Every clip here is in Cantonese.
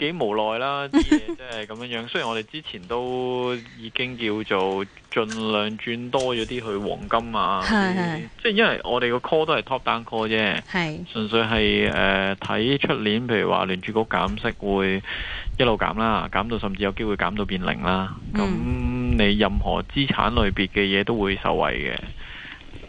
幾無奈啦，啲嘢即係咁樣樣。 雖然我哋之前都已經叫做盡量轉多咗啲去黃金啊，即係 因為我哋個 call 都係 top down call 啫，純 粹係誒睇出年，譬如話聯儲局減息會一路減啦，減到甚至有機會減到變零啦。咁 你任何資產類別嘅嘢都會受惠嘅。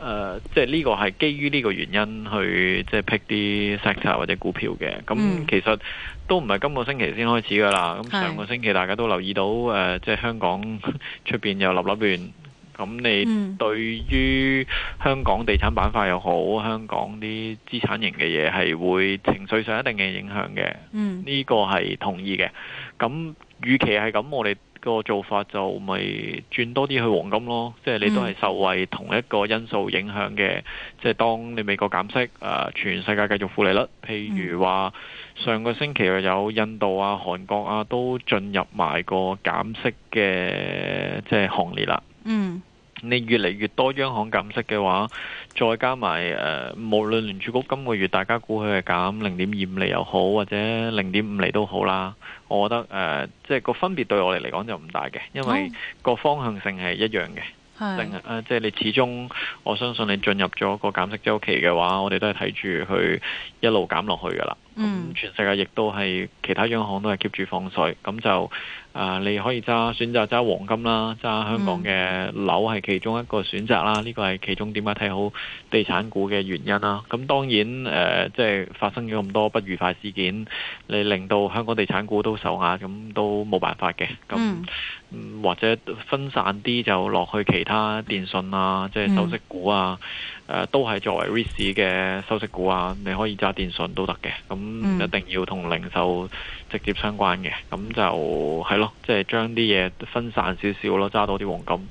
誒、呃，即係呢個係基於呢個原因去即係 pick 啲 sector 或者股票嘅。咁其實都唔係今個星期先開始噶啦。咁是上個星期大家都留意到誒、呃、即係香港出邊又立立亂，咁、嗯、你對於香港地產板塊又好，香港啲資產型嘅嘢係會情緒上一定嘅影響嘅。呢、嗯、個係同意嘅。咁與其係咁，我哋。個做法就咪轉多啲去黃金咯，即係你都係受惠同一個因素影響嘅，即係當你美國減息，誒、呃、全世界繼續負利率，譬如話上個星期又有印度啊、韓國啊都進入埋個減息嘅即係行列啦。嗯。你越嚟越多央行減息嘅話，再加埋誒、呃，無論聯儲局今個月大家估佢係減零點二五厘又好，或者零點五厘都好啦，我覺得誒即係個分別對我哋嚟講就唔大嘅，因為個方向性係一樣嘅，係、oh. 即係、呃就是，你始終我相信你進入咗個減息週期嘅話，我哋都係睇住去一路減落去噶啦。嗯，mm. 全世界亦都係其他央行都係 keep 住放水，咁就。啊！你可以揸選擇揸黃金啦，揸香港嘅樓係其中一個選擇啦。呢、嗯、個係其中點解睇好地產股嘅原因啦。咁當然誒、呃，即係發生咗咁多不愉快事件，你令到香港地產股都受壓，咁都冇辦法嘅。咁、嗯嗯、或者分散啲就落去其他電訊啊，即係收息股啊。嗯嗯誒、呃、都係作為 risk 嘅收息股啊，你可以揸電信都得嘅，咁一定要同零售直接相關嘅，咁就係咯，即係將啲嘢分散少少咯，揸多啲黃金。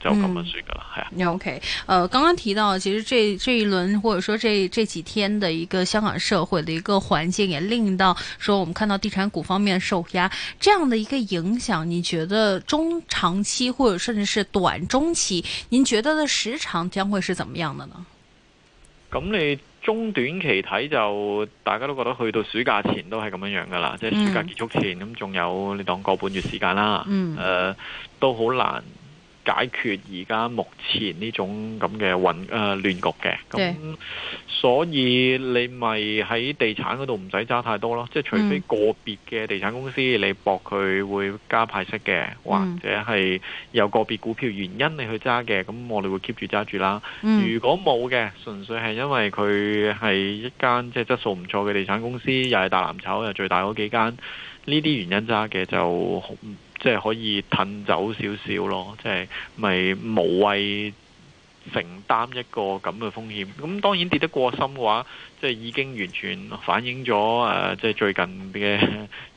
就咁樣算噶啦，係、嗯、啊。你 OK？誒、uh，剛剛提到，其實這這一輪，或者說這這幾天的一個香港社會的一個環境，也令到說，我們看到地產股方面受壓這樣的一個影響。你覺得中長期，或者甚至是短中期，您覺得的時長將會是怎麼樣的呢？咁你中短期睇就，大家都覺得去到暑假前都係咁樣樣噶啦，即係暑假結束前，咁仲有你當個半月時間啦。誒，都好難。解決而家目前呢種咁嘅混亂局嘅，咁所以你咪喺地產嗰度唔使揸太多咯。即係除非個別嘅地產公司你博佢會加派息嘅，或者係有個別股票原因你去揸嘅，咁我哋會 keep 住揸住啦。如果冇嘅，純粹係因為佢係一間即係質素唔錯嘅地產公司，又係大藍籌，又最大嗰幾間。呢啲原因揸嘅就即係可以褪走少少咯，即係咪無謂承擔一個咁嘅風險？咁當然跌得過深嘅話，即係已經完全反映咗誒、呃，即係最近嘅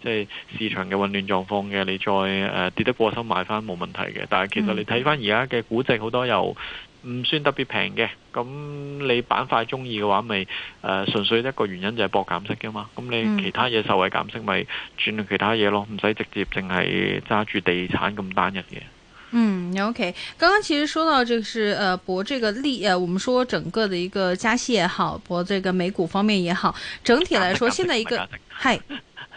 即係市場嘅混亂狀況嘅。你再誒、呃、跌得過深買翻冇問題嘅，但係其實你睇翻而家嘅估值好多又。嗯唔算特別平嘅，咁你板塊中意嘅話，咪誒純粹一個原因就係博減息嘅嘛。咁你其他嘢受惠減息，咪轉到其他嘢咯，唔使直接淨係揸住地產咁單一嘅。嗯，OK，剛剛其實說到就是誒博，呃，這個利誒，呃，我們說整個的一個加息也好，博這個美股方面也好，整體來說，減息，減息現在一個 h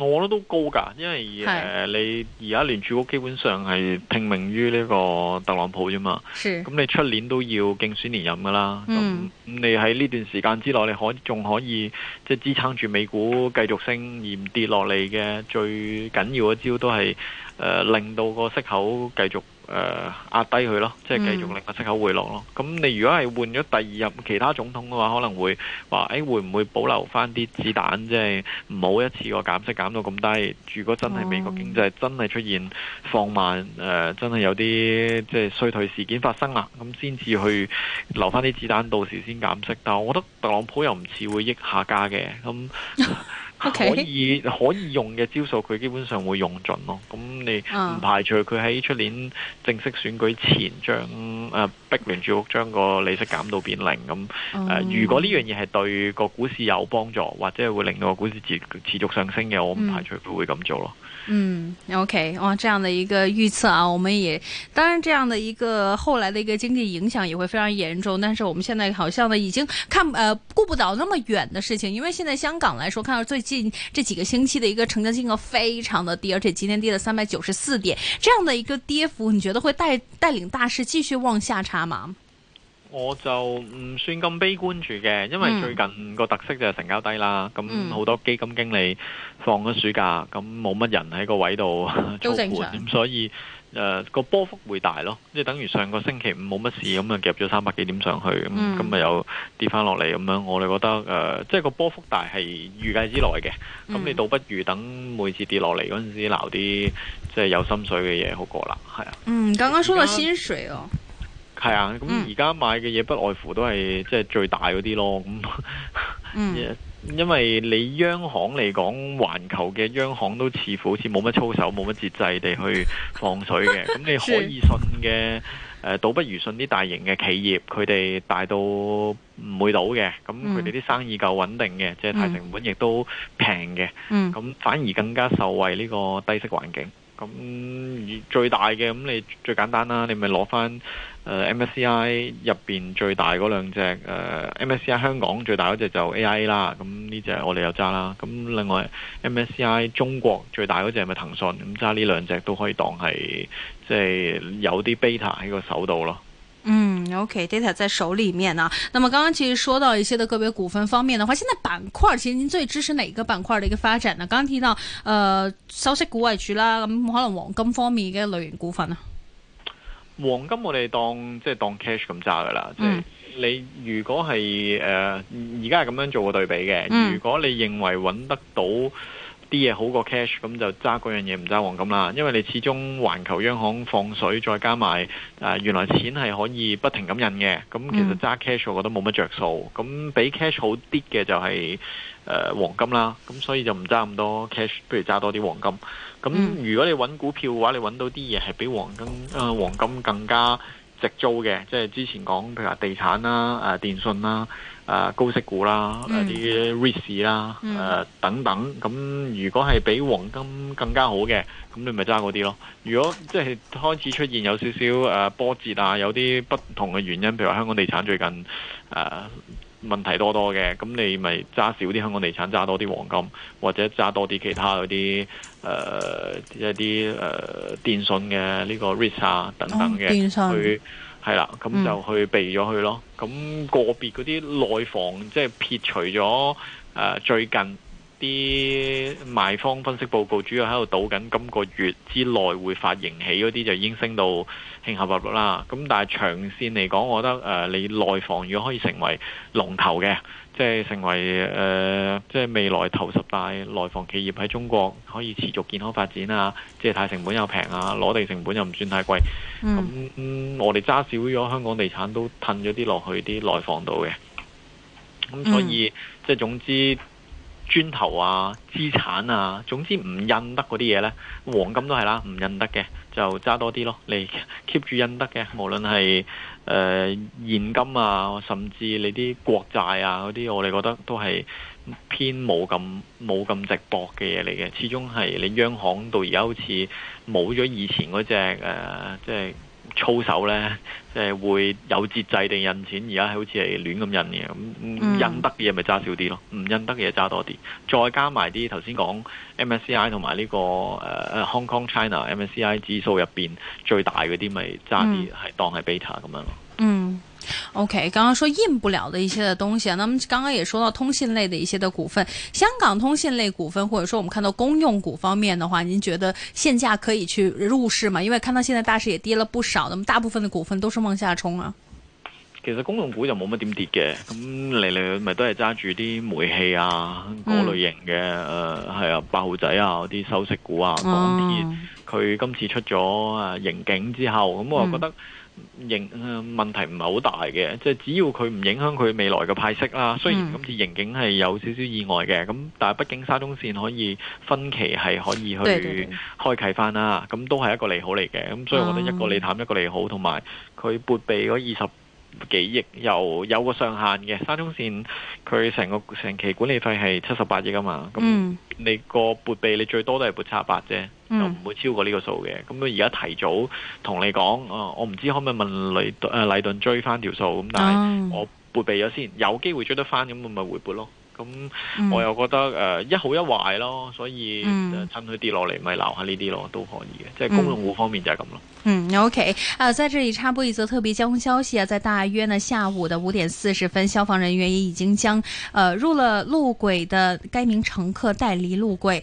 我覺得都高㗎，因為誒是、呃、你而家聯儲局基本上係聽命於呢個特朗普啫嘛，咁是你出年都要競選連任㗎啦，咁、嗯、你喺呢段時間之內，你可仲可以即係支撐住美股繼續升而唔跌落嚟嘅最緊要一招都係誒、呃、令到個息口繼續。誒、呃、壓低佢咯，即係繼續令個息口回落咯。咁你、嗯、如果係換咗第二任其他總統嘅話，可能會話誒、欸、會唔會保留翻啲子彈，即係唔好一次過減息減到咁低。如果真係美國經濟真係出現放慢，誒、呃、真係有啲即係衰退事件發生啦，咁先至去留翻啲子彈，到時先減息。但我覺得特朗普又唔似會益下家嘅咁。 Okay. 可以可以用嘅招數，佢基本上會用盡咯。咁你唔排除佢喺出年正式選舉前將誒逼聯儲局，將個利息減到變零咁。誒、嗯呃，如果呢樣嘢係對個股市有幫助，或者會令到個股市持持續上升嘅，我唔排除佢會咁做咯、嗯。嗯，OK，哇，這樣的一個預測啊，我們也當然這樣的一個後來的一個經濟影響也會非常嚴重。但是我們現在好像呢已經看誒顧、呃、不到那麼遠的事情，因為現在香港來說，看到最緊。這幾個星期的一個成交金額非常的低，而且今天跌了三百九十四點，這樣的一個跌幅，你覺得會帶帶領大市繼續往下差嗎？我就唔算咁悲觀住嘅，因為最近個特色就係成交低啦，咁好、嗯、多基金經理放咗暑假，咁冇乜人喺個位度做盤，所以。誒、個、呃、波幅會大咯，即係等於上個星期五冇乜事咁啊，夾咗三百幾點上去咁，咁咪又跌翻落嚟咁樣，我哋覺得誒、呃，即係個波幅大係預計之內嘅，咁、嗯、你倒不如等每次跌落嚟嗰陣時撈啲即係有心水嘅嘢好過啦，係啊。嗯，剛剛說到心水哦，係啊在，咁而家買嘅嘢不外乎都係即係最大嗰啲咯，咁、嗯嗯 yes. 因為你央行嚟講，環球嘅央行都似乎好似冇乜操守、冇乜節制地去放水嘅。咁 你可以信嘅，倒不如信啲大型嘅企業，佢哋大到唔會倒嘅。咁佢哋啲生意夠穩定嘅，嗯、即係低成本亦都平嘅。咁、嗯、反而更加受惠呢個低息環境。咁最大嘅，咁你最簡單啦，你咪攞翻。Uh, MSCI 入邊最大嗰兩隻、uh, MSCI 香港最大嗰隻就 AIA 啦，咁呢隻我哋又揸啦。咁另外 MSCI 中國最大嗰隻係咪騰訊？咁揸呢兩隻都可以當係即係有啲 beta 喺個手度咯。嗯，OK，data、okay, 在手裡面啊。那麼剛剛其實講到一些的個別股份方面嘅話，現在板塊，其實您最支持哪個板塊的一個發展呢？剛剛提到誒、呃、收息股為主啦，咁可能黃金方面嘅類型股份啊。黃金我哋當即係當 cash 咁揸噶啦，即係、嗯、你如果係誒而家係咁樣做個對比嘅，嗯、如果你認為揾得到啲嘢好過 cash，咁就揸嗰樣嘢唔揸黃金啦，因為你始終環球央行放水，再加埋誒、呃、原來錢係可以不停咁印嘅，咁其實揸 cash 我覺得冇乜着數，咁比 cash 好啲嘅就係、是、誒、呃、黃金啦，咁所以就唔揸咁多 cash，不如揸多啲黃金。咁、嗯、如果你揾股票嘅話，你揾到啲嘢係比黃金啊、呃、黃金更加直租嘅，即係之前講譬如話地產啦、誒、呃、電訊啦、誒、呃、高息股啦、啲、呃嗯、r i、呃、s 啦、嗯、誒等等。咁、嗯、如果係比黃金更加好嘅，咁你咪揸嗰啲咯。如果即係開始出現有少少誒、呃、波折啊，有啲不同嘅原因，譬如話香港地產最近誒、呃問題多多嘅，咁你咪揸少啲香港地產，揸多啲黃金，或者揸多啲其他嗰啲誒一啲誒、呃呃、電信嘅呢、呢個 REIT 啊等等嘅，哦、電信去係啦，咁就去避咗佢咯。咁、嗯、個別嗰啲內房即係撇除咗誒、呃、最近。啲賣方分析報告主要喺度賭緊今個月之內會發行起嗰啲，就已經升到興致勃勃啦。咁但係長線嚟講，我覺得誒、呃，你內房如果可以成為龍頭嘅，即係成為誒，即係未來頭十大內房企業喺中國可以持續健康發展啊，借貸成本又平啊，攞地成本又唔算太貴。咁我哋揸少咗香港地產都褪咗啲落去啲內房度嘅。咁所以即係總之。磚頭啊、資產啊，總之唔印得嗰啲嘢呢，黃金都係啦，唔印得嘅就揸多啲咯，你 keep 住印得嘅，無論係誒現金啊，甚至你啲國債啊嗰啲，我哋覺得都係偏冇咁冇咁直薄嘅嘢嚟嘅，始終係你央行到而家好似冇咗以前嗰隻誒、呃，即係。操手咧，誒會有節制地印錢，而家好似係亂咁印嘅，印、嗯嗯、得嘅嘢咪揸少啲咯，唔印得嘅嘢揸多啲，再加埋啲頭先講 MSCI 同埋呢個誒、呃、Hong Kong China MSCI 指數入面最大嗰啲咪揸啲，係、嗯、當係 beta 咁樣咯。OK，剛剛說印不了的一些的東西啊，那麼剛剛也說到通信類的一些的股份，香港通信類股份，或者說我們看到公用股方面的話，您覺得現價可以去入市嗎？因為看到現在大市也跌了不少，那麼大部分的股份都是往下沖啊。其實公用股就冇乜點跌嘅，咁嚟嚟去去咪都係揸住啲煤氣啊嗰類型嘅，誒係、嗯呃、啊八號仔啊啲收息股啊，港鐵佢今次出咗啊盈警之後，咁我又覺得、嗯。認誒問題唔係好大嘅，即係只要佢唔影響佢未來嘅派息啦。雖然今次盈警係有少少意外嘅，咁但係畢竟沙中綫可以分期係可以去開啟翻啦，咁都係一個利好嚟嘅。咁所以我哋一個利淡，一個利好，同埋佢撥備嗰二十。幾億又有個上限嘅，沙中綫佢成個成期管理費係七十八億啊嘛，咁、嗯、你個撥備你最多都係撥七十八啫，又唔、嗯、會超過呢個數嘅。咁我而家提早同你講、啊，我唔知可唔可以問禮誒禮頓追翻條數，咁但係我撥備咗先，哦、有機會追得翻，咁我咪回撥咯。咁我又覺得誒、嗯呃、一好一壞咯，所以就趁佢跌落嚟，咪撈、嗯、下呢啲咯，都可以嘅。即係公用股方面就係咁咯。嗯，OK，啊、呃，在這裏插播一則特別交通消息啊，在大約呢下午的五點四十分，消防人員也已經將誒、呃、入了路軌的該名乘客帶離路軌，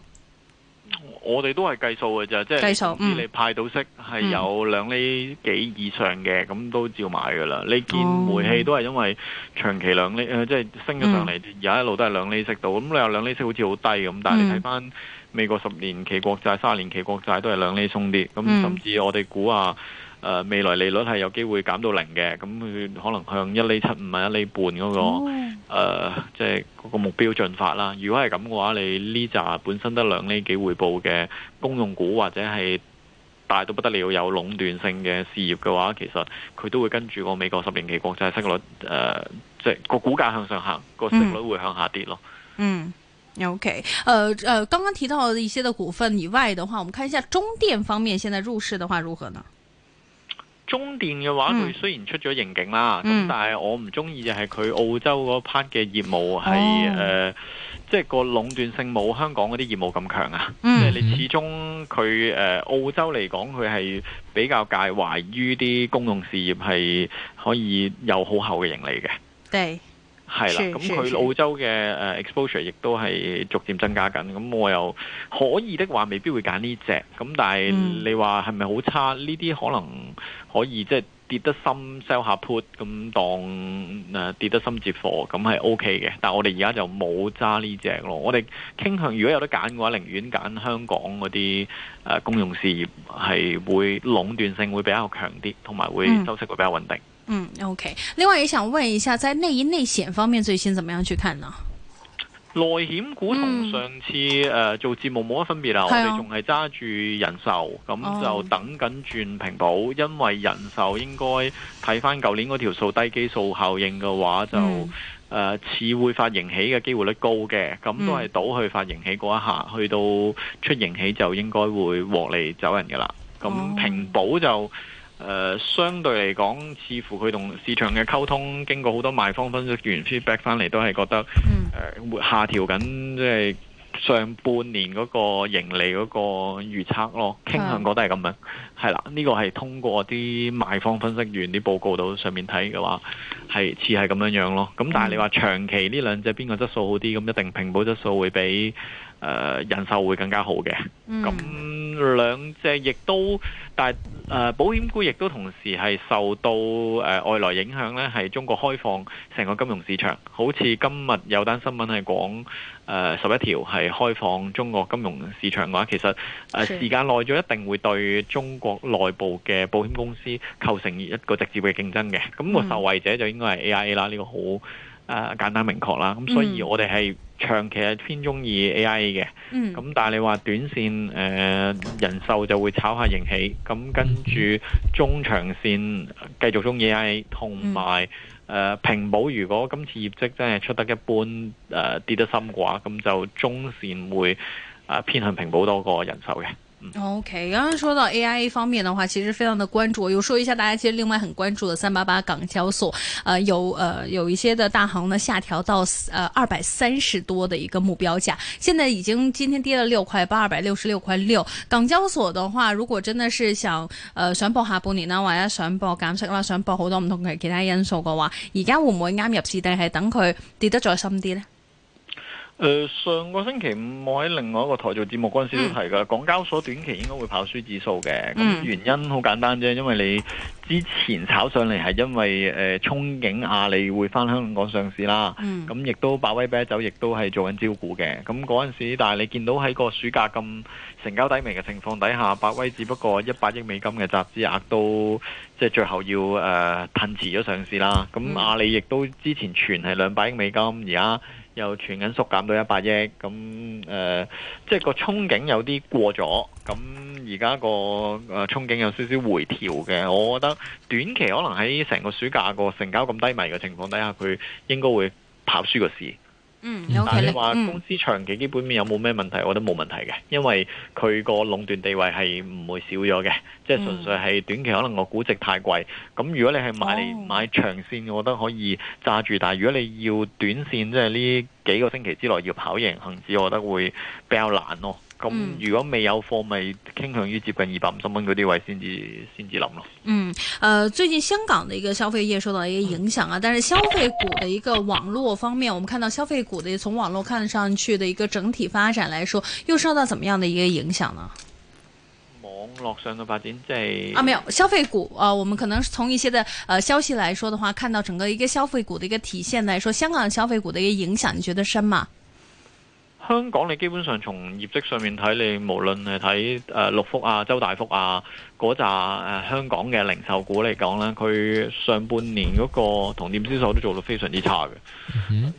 我哋都係計數嘅咋，即係總之你派到息係有兩厘幾以上嘅，咁、嗯、都照買㗎啦。你見煤氣都係因為長期兩厘，即係、嗯呃就是、升咗上嚟，而家一路都係兩厘息度。咁你話兩厘息好似好低咁，但係你睇翻美國十年期國債、嗯、三十年期國債都係兩厘鬆啲。咁甚至我哋估下、呃、未來利率係有機會減到零嘅，咁佢可能向一厘七五啊、一厘半嗰、那個。哦誒、呃，即係嗰個目標進發啦。如果係咁嘅話，你呢扎本身得兩厘幾回報嘅公用股，或者係大到不得了有壟斷性嘅事業嘅話，其實佢都會跟住個美國十年期國債息率，誒、呃，即係個股價向上行，個息、嗯、率會向下跌咯。嗯，OK，誒、呃、誒，剛、呃、剛提到一些嘅股份以外嘅話，我們看一下中電方面現在入市的話如何呢？中電嘅話，佢雖然出咗盈警啦，咁、mm. 但係我唔中意就係佢澳洲嗰 part 嘅業務係誒、oh. 呃，即係個壟斷性冇香港嗰啲業務咁強啊。Mm. 即係你始終佢誒、呃、澳洲嚟講，佢係比較介懷於啲公用事業係可以有好厚嘅盈利嘅。對。係啦，咁佢澳洲嘅 exposure 亦都係逐漸增加緊。咁我又可以的話，未必會揀呢隻。咁但係你話係咪好差？呢啲可能可以即係、就是、跌得深 sell 下 put，咁當跌得深接貨，咁係 OK 嘅。但係我哋而家就冇揸呢隻咯。我哋傾向如果有得揀嘅話，寧願揀香港嗰啲、呃、公用事業，係會壟斷性會比較強啲，同埋會收息會比較穩定。嗯嗯，OK。另外，也想問一下，在內衣內險方面，最先怎麼樣去看呢？內險股同上次誒、嗯呃、做節目冇乜分別啦，哦、我哋仲係揸住人壽，咁就等緊轉平保，哦、因為人壽應該睇翻舊年嗰條數低基數效應嘅話，就誒、嗯呃、似會發盈起嘅機會率高嘅，咁都係倒去發盈起嗰一下，嗯、去到出盈起就應該會獲利走人噶啦。咁平保就。哦誒、呃，相對嚟講，似乎佢同市場嘅溝通，經過好多賣方分析員 feedback 翻嚟，都係覺得誒、嗯呃、會下調緊，即係上半年嗰個盈利嗰個預測咯，傾向覺得係咁樣，係啦、嗯、呢、呢個係通過啲賣方分析員啲報告度上面睇嘅話，係似係咁樣樣咯。咁但係你話長期呢兩隻邊個質素好啲，咁一定平保質素會比。誒人壽會更加好嘅，咁兩隻亦都，但係誒保險股亦都同時係受到誒外來影響呢，係中國開放成個金融市場。好似今日有單新聞係講誒十一條係開放中國金融市場嘅話，其實誒時間耐咗一定會對中國內部嘅保險公司構成一個直接嘅競爭嘅。咁個受惠者就應該係 AIA 啦，呢個好誒簡單明確啦。咁所以我哋係，長期係偏中意 AIA 嘅，咁、嗯、但係你話短線誒、呃、人壽就會炒下盈起，咁跟住中長線繼續中意 AIA，同埋誒平保，如果今次業績真係出得一般誒、呃、跌得深嘅話，咁就中線會啊、呃、偏向平保多過人壽嘅。O K，剛剛說到 A I A 方面的話，其實非常的關注。有說一下，大家其實另外很關注的三八八港交所，呃有呃有一些的大行呢下調到呃二百三十多的一個目標價，現在已經今天跌了六塊八，二百六十六塊六。港交所的話，如果真的是想，呃想博下半年啦，或者想博減息啦，想博好多唔同嘅其他因素嘅話，而家會唔會啱入市，定係等佢跌得再深啲咧？誒、呃，上個星期五我喺另外一個台做節目嗰陣時都提噶嗯、港交所短期應該會跑輸指數嘅。咁、嗯、原因好簡單啫，因為你之前炒上嚟係因為誒、呃、憧憬阿里會返香港上市啦。咁、嗯、亦都百威啤酒亦都係做緊招股嘅。咁嗰陣時，但係你見到喺個暑假咁成交低迷嘅情況底下，百威只不過一百億美金嘅集資額都即係最後要誒推、呃、遲咗上市啦。咁、嗯、阿里亦都之前存係兩百億美金，而家。又全緊縮減到一百億，咁誒、呃、即係個憧憬有啲過咗，咁而家個誒、呃、憧憬有少少回調嘅，我覺得短期可能喺成個暑假個成交咁低迷嘅情況底下，佢應該會跑輸個市。嗯，但係你話公司長期基本面有冇咩問題？嗯、我覺得冇問題嘅，因為佢個壟斷地位係唔會少咗嘅，即係純粹係短期可能個估值太貴。咁如果你係買嚟買長線，我覺得可以揸住，但係如果你要短線，即係呢幾個星期之內要跑贏恒指，我覺得會比較難咯。咁如果未有貨，咪傾向於接近二百五十蚊嗰啲位先至先至諗咯。嗯，呃，最近香港的一個消費業受到一個影響啊，但是消費股的一個網絡方面， 我們看到消費股的從網絡看上去的一個整體發展來說，又受到怎麼樣的一個影響呢？網絡上嘅發展即係啊，沒有消費股啊、呃，我們可能是從一些的、呃、消息來說的話，看到整個一個消費股的一個體現來說，香港的消費股的一個影響，你覺得深嗎？香港你基本上從業績上面睇，你無論係睇誒六福啊、周大福啊嗰扎、呃、香港嘅零售股嚟講咧，佢上半年嗰個同店銷售都做得非常之差嘅，嗯、哼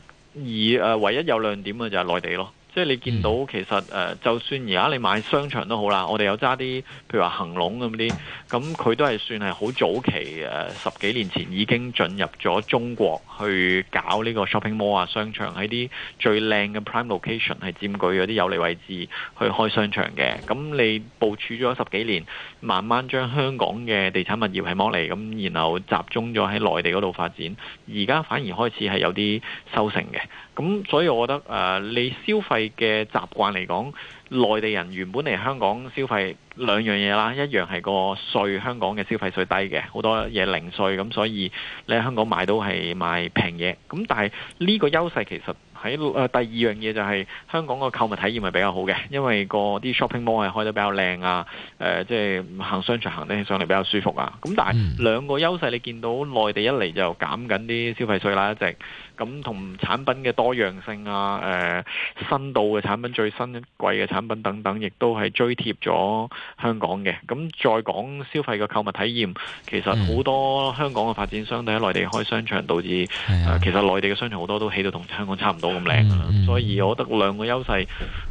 而、呃、唯一有亮點嘅就係內地咯。即係你見到其實誒，就算而家你買商場都好啦，我哋有揸啲，譬如話恒隆咁啲，咁佢都係算係好早期誒，十幾年前已經進入咗中國去搞呢個 shopping mall 啊，商場喺啲最靚嘅 prime location 係佔據嗰啲有利位置去開商場嘅。咁你部署咗十幾年，慢慢將香港嘅地產物業係剝離，咁然後集中咗喺內地嗰度發展，而家反而開始係有啲收成嘅。咁所以，我覺得誒、呃，你消費嘅習慣嚟講。內地人原本嚟香港消費兩樣嘢啦，一樣係個稅，香港嘅消費稅低嘅，好多嘢零稅，咁所以你喺香港買都係買平嘢。咁但係呢個優勢其實喺誒第二樣嘢，就係香港個購物體驗係比較好嘅，因為個啲 shopping mall 係開得比較靚啊，誒即係行商場行得上嚟比較舒服啊。咁但係兩個優勢，你見到內地一嚟就減緊啲消費稅啦，一直咁同產品嘅多樣性啊，誒新到嘅產品最新一季嘅產品等等，亦都係追貼咗香港嘅。咁再講消費嘅購物體驗，其實好多香港嘅發展商都喺內地開商場，導致誒其實內地嘅商場好多都起到同香港差唔多咁靚啦。所以，我覺得兩個優勢，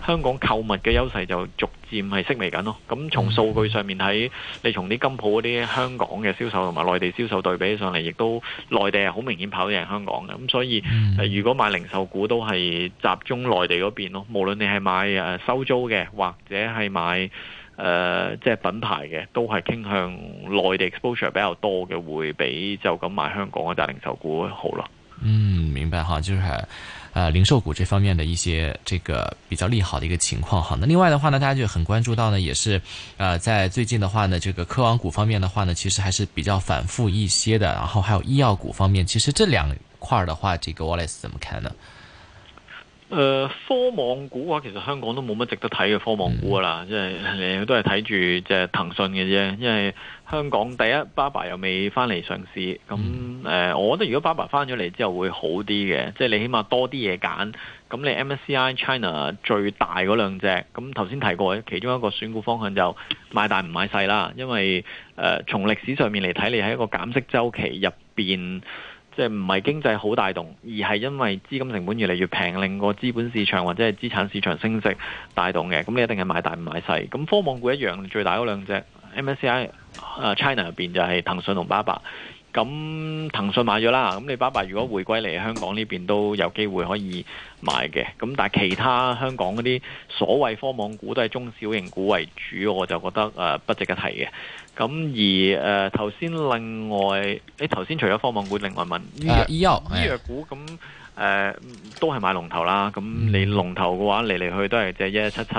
香港購物嘅優勢就逐漸係式微緊咯。咁從數據上面睇，你從啲金鋪嗰啲香港嘅銷售同埋內地銷售對比上嚟，亦都內地係好明顯跑贏香港嘅。咁所以，誒如果買零售股，都係集中內地嗰邊咯。無論你係買誒收租嘅或者係買誒、呃、即係品牌嘅，都係傾向內地 exposure 比較多嘅，會比就咁買香港嘅大零售股好咯。嗯，明白哈，就是誒、啊呃、零售股這方面的一些這個比較利好的一個情況哈。那另外的話呢，大家就很關注到呢，也是誒、啊、在最近的話呢，這個科網股方面的話呢，其實還是比較反覆一些的。然後還有醫藥股方面，其實這兩塊的話，這個 Wallace 怎麼看呢？誒、呃、科網股嘅話，其實香港都冇乜值得睇嘅科網股噶啦，即、就、係、是、你都係睇住即係騰訊嘅啫。因為香港第一，爸爸又未返嚟上市，咁誒、呃，我覺得如果爸爸返咗嚟之後會好啲嘅，即、就、係、是、你起碼多啲嘢揀。咁你 MSCI China 最大嗰兩隻，咁頭先提過，其中一個選股方向就買大唔買細啦，因為誒、呃、從歷史上面嚟睇，你係一個減息週期入邊。即係唔係經濟好帶動，而係因為資金成本越嚟越平，令個資本市場或者係資產市場升值帶動嘅。咁你一定係買大唔買細。咁科網股一樣最大嗰兩隻 MSCI、啊、China 入邊就係騰訊同巴巴。咁騰訊買咗啦，咁阿里巴巴如果回歸嚟香港呢邊都有機會可以買嘅，咁但係其他香港嗰啲所謂科網股都係中小型股為主，我就覺得、呃、不值一提嘅。咁而誒頭先另外，你頭先除咗科網股，另外問醫藥醫藥股咁。誒、呃，都係買龍頭啦。咁你龍頭嘅話嚟嚟去去都係隻一一七七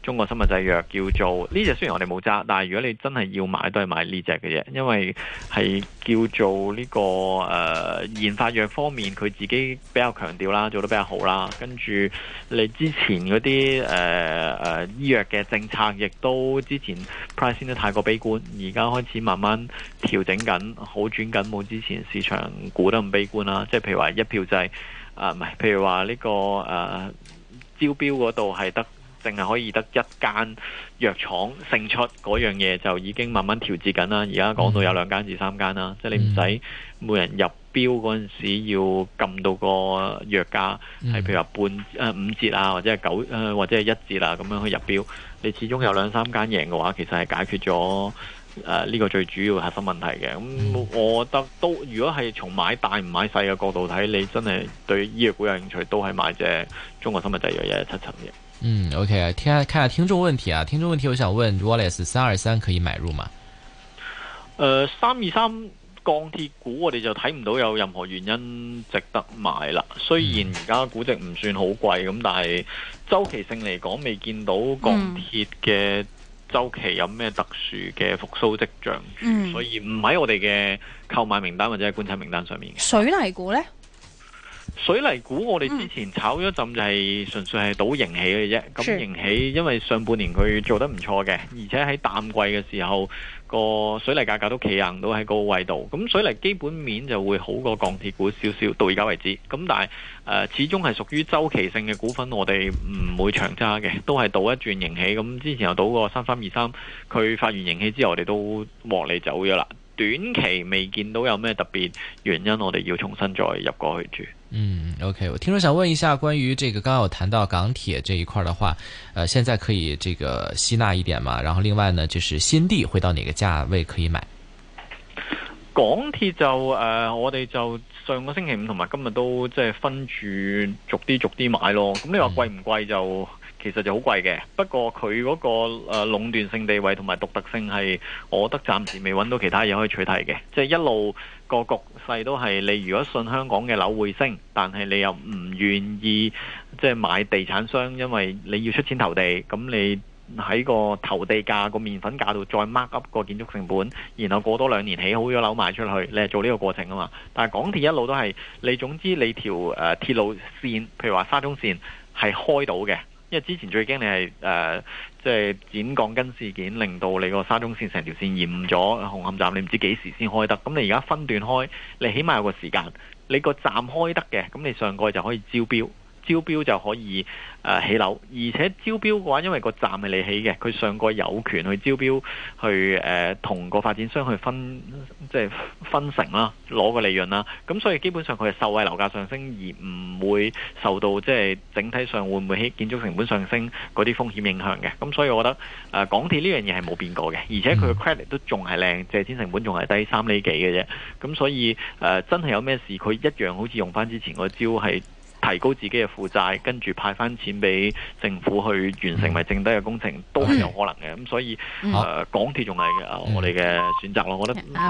中國生物製藥，叫做呢隻雖然我哋冇揸，但係如果你真係要買，都係買呢隻嘅啫，因為係叫做呢、這個誒、呃、研發藥方面，佢自己比較強調啦，做得比較好啦。跟住你之前嗰啲誒誒醫藥嘅政策，亦都之前 price 先都太過悲觀，而家開始慢慢調整緊，好轉緊，冇之前市場估得咁悲觀啦。即係譬如話一票制。啊，唔係、呢個，譬如話呢個誒招標嗰度係得，淨係可以得一間藥廠勝出嗰樣嘢，就已經慢慢調節緊啦。而家講到有兩間至三間啦，嗯、即係你唔使每人入標嗰陣時候要撳到個藥價係譬如話半誒、呃、五折啊，或者係九誒、呃、或者係一折啊，咁樣去入標，你始終有兩三間贏嘅話，其實係解決咗。誒，呢、呃，這個最主要核心問題嘅，咁、嗯嗯、我覺得都如果係從買大唔買細嘅角度睇，你真係對醫藥股有興趣，都係買隻中國生物製藥一日七層嘅。嗯，OK，聽下睇下聽眾問題啊，聽眾問題，我想問 Wallace 三二三可以買入嗎？誒、呃，三二三鋼鐵股，我哋就睇唔到有任何原因值得買啦。雖然而家估值唔算好貴，咁但係週期性嚟講，未見到鋼鐵嘅、嗯。周期有咩特殊嘅復蘇迹象？嗯、所以唔喺我哋嘅購買名單或者係觀察名單上面。水泥股呢？水泥股我哋之前炒咗一陣就係純粹係賭盈喜嘅啫。咁盈喜因為上半年佢做得唔錯嘅，而且喺淡季嘅時候。個水泥價格都企硬到喺個位度，咁水泥基本面就會好過鋼鐵股少少。到而家為止，咁但係，呃、始終係屬於周期性嘅股份，我哋唔會長揸嘅，都係倒一轉型起。咁之前又倒過三三二三，佢發完型起之後，我哋都獲利走咗啦。短期未見到有咩特別原因，我哋要重新再入過去住。嗯，OK，我聽說想問一下關於這個，剛剛有談到港鐵這一塊的話，呃，現在可以這個吸納一點嘛？然後另外呢，就是新地會到哪個價位可以買？港鐵就誒、呃，我哋就上個星期五同埋今日都即係分住逐啲逐啲買咯。咁你話貴唔貴就？嗯。其實就好貴嘅，不過佢嗰個誒壟斷性地位同埋獨特性係，我覺得暫時未揾到其他嘢可以取替嘅。即係一路個局勢都係你如果信香港嘅樓會升，但係你又唔願意即係買地產商，因為你要出錢投地，咁你喺個投地價個麵粉價度再 mark up 個建築成本，然後過多兩年起好咗樓賣出去，你係做呢個過程啊嘛。但係港鐵一路都係你總之你條誒鐵路線，譬如話沙中線係開到嘅。因為之前最驚你係誒，即、呃、係、就是、剪鋼筋事件，令到你個沙中線成條線驗咗紅磡站，你唔知幾時先開得。咁你而家分段開，你起碼有個時間，你個站開得嘅，咁你上個就可以招標。招標就可以誒、呃、起樓，而且招標嘅話，因為個站係你起嘅，佢上個有權去招標，去誒同、呃、個發展商去分，即係分成啦，攞個利潤啦。咁所以基本上佢係受惠樓價上升，而唔會受到即係整體上會唔會起建築成本上升嗰啲風險影響嘅。咁所以我覺得誒港、呃、鐵呢樣嘢係冇變過嘅，而且佢嘅 credit 都仲係靚，借錢成本仲係低三厘幾嘅啫。咁所以誒、呃、真係有咩事，佢一樣好似用翻之前個招係。提高自己嘅負債，跟住派翻錢俾政府去完成埋剩低嘅工程，都係有可能嘅。咁所以，誒、呃，港鐵仲係我哋嘅選擇咯，我覺得。